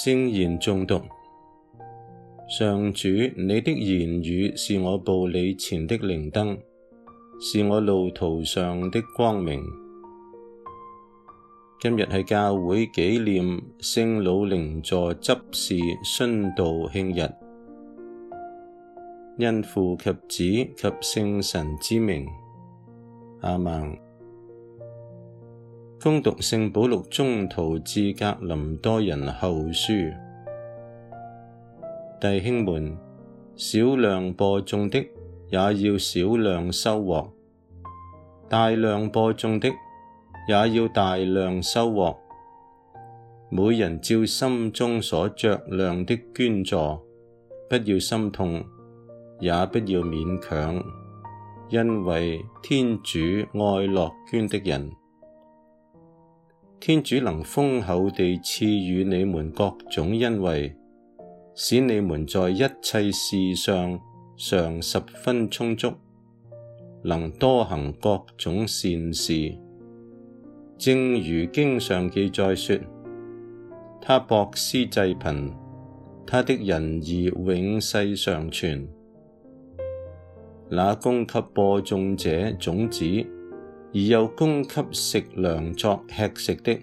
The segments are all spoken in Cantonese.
聖言誦讀。上主，你的言語是我步履前的靈燈，是我路途上的光明。今日係教會紀念聖老楞佐執事殉道慶日，因父及子及聖神之名，阿門。恭讀聖保祿宗徒致格林多人後書，弟兄們，小量播種的也要小量收穫，大量播種的也要大量收穫。每人照心中所酌量的捐助，不要心痛，也不要勉強，因為天主愛樂捐的人。天主能豐厚地賜予你們各種恩惠，使你們在一切事上常十分充足，能多行各種善事。正如經上記載說：他博施濟貧，他的仁義永世常存。那供給播種者種子。而又供給食糧作吃食的，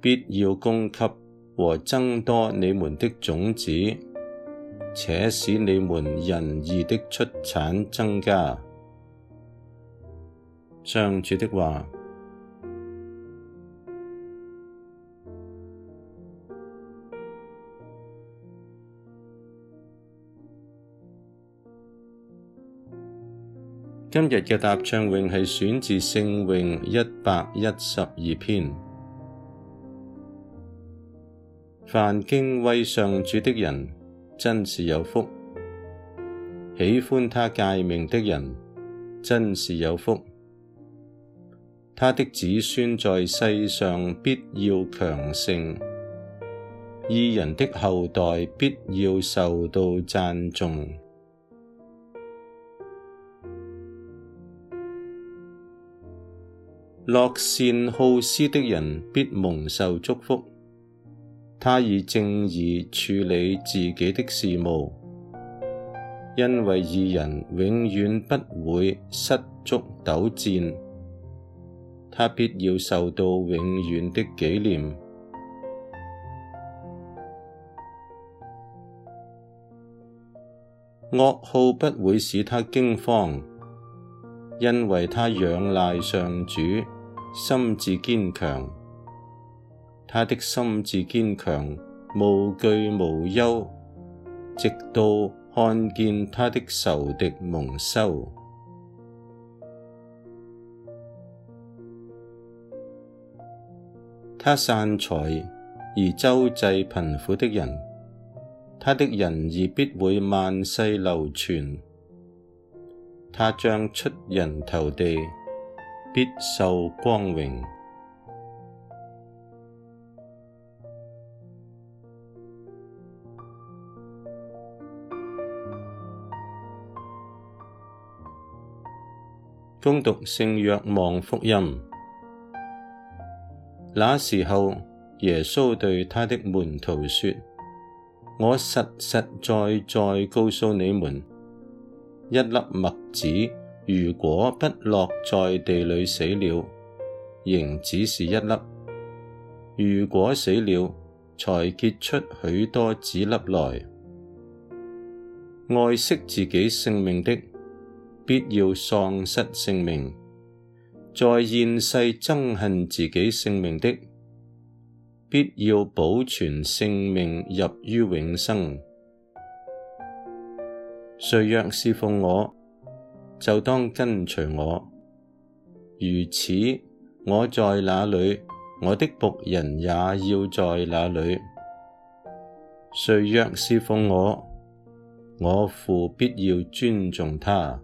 必要供給和增多你們的種子，且使你們仁義的出產增加。上主的話。今日嘅答唱詠係選自聖詠一百一十二篇。凡敬畏上主的人，真是有福；喜歡他誡命的人，真是有福。他的子孫在世上必要強盛，義人的後代必要受到讚頌。樂善好施的人必蒙受祝福，他以正義處理自己的事務，因為義人永遠不會失足抖顫，他必要受到永遠的紀念。噩耗不會使他驚慌，因為他仰賴上主。心志堅強，他的心志堅強，無懼無憂，直到看見他的仇敵蒙羞。他散財而周濟貧苦的人，他的仁義必會萬世留存。他將出人頭地。必受光榮。恭讀聖若望福音，那時候耶穌對他的門徒說：我實實在在告訴你們，一粒麥子。如果不落在地裏死了，仍只是一粒；如果死了，才結出許多子粒來。愛惜自己性命的，必要喪失性命；在現世憎恨自己性命的，必要保存性命入於永生。誰若事奉我，就當跟隨我，如此我在哪裏，我的僕人也要在哪裏。誰若事奉我，我父必要尊重他。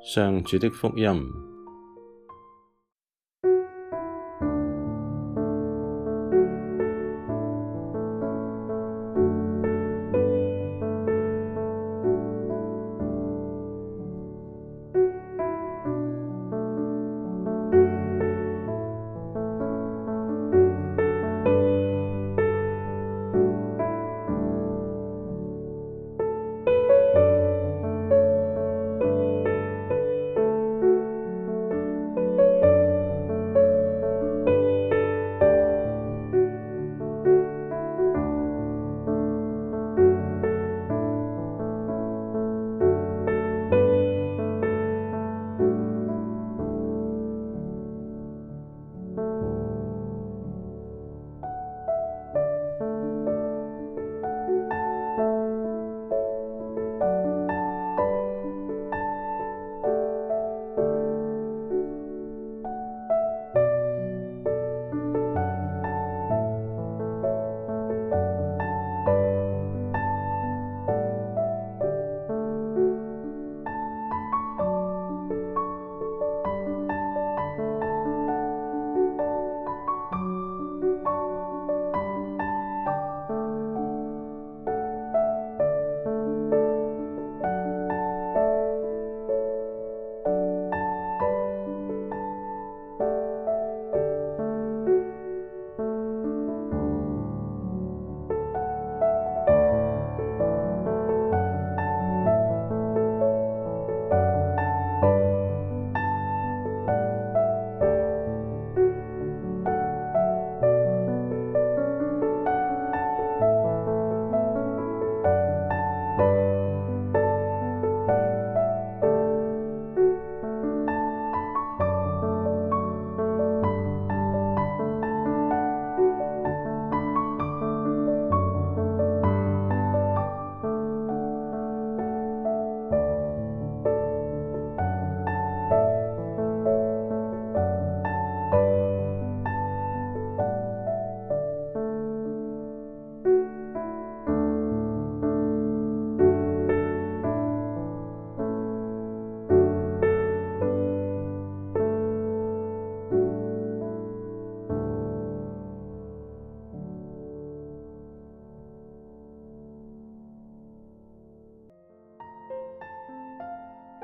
上主的福音。